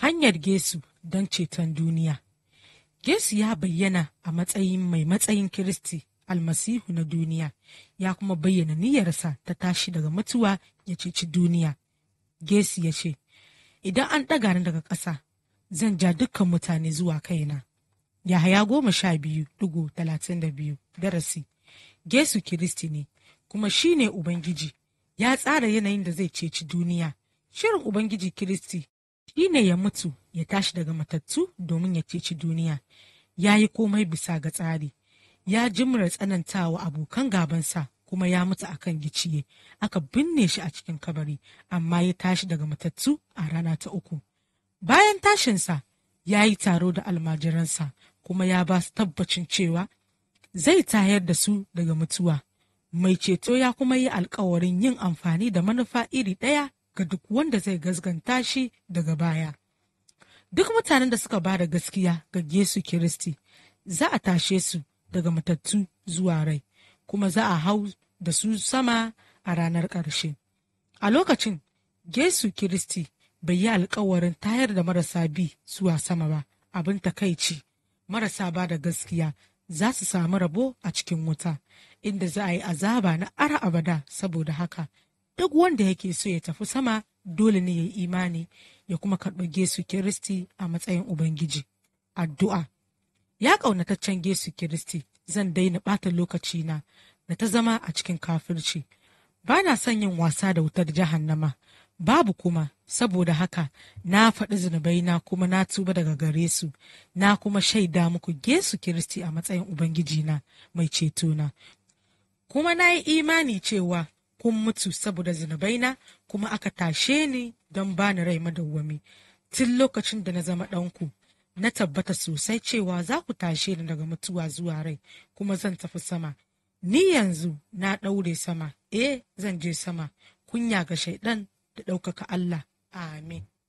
hanyar Gesu don ceton duniya. Gesu ya bayyana a matsayin mai matsayin Kiristi almasihu na duniya, ya kuma bayyana niyyarsa ta tashi daga mutuwa ya ceci duniya. Gesu ya ce, Idan an ɗaga ni daga ƙasa, zan ja dukkan mutane zuwa kaina. Yahaya goma sha biyu dugu talatin da biyu darasi. Gesu Kiristi ne, kuma shi ne Ubangiji, ya tsara yanayin da zai ceci duniya. Shirin Ubangiji Kiristi shi ne ya mutu ya tashi daga matattu domin ya ceci duniya ya yi komai bisa ga tsari ya jimra tsanantawa abokan gabansa kuma ya mutu akan giciye aka binne shi a cikin kabari amma ya tashi daga matattu a rana ta uku bayan tashinsa ya yi taro da almajiransa kuma ya ba su tabbacin cewa zai tayar da su daga mutuwa mai ceto ya kuma yi alkawarin yin amfani da manufa iri ɗaya ga duk wanda zai gasganta shi daga baya. Duk mutanen da suka ba da gaskiya ga Yesu Kiristi za a tashe su daga matattu zuwa rai, kuma za a hau da su sama a ranar ƙarshe. A lokacin, Yesu Kiristi bai yi alkawarin tayar da marasa bi zuwa sama ba, abin takaici, marasa ba da gaskiya za su sami rabo a cikin wuta, inda za a yi azaba na ara abada saboda haka duk wanda yake so ya tafi sama dole ne ya yi imani ya kuma karɓi gesu Kiristi a matsayin Ubangiji. Addu'a Ya ƙaunataccen gesu Kiristi zan daina ɓata lokacina da ta zama a cikin kafirci. Ba na son yin wasa da wutar jahannama, babu kuma saboda haka na faɗi zunubai na kuma na tuba daga gare su na kuma shaida muku gesu Kiristi a matsayin ubangiji na mai cetona. Kuma na yi imani cewa kun mutu saboda zunubaina kuma aka tashe ni don bani rai madawwami tun lokacin da na zama ɗanku na tabbata sosai cewa za ku tashe ni daga mutuwa zuwa rai kuma zan tafi sama ni yanzu na ɗaure sama eh zan je sama kunya ga shaidan da ɗaukaka Allah amin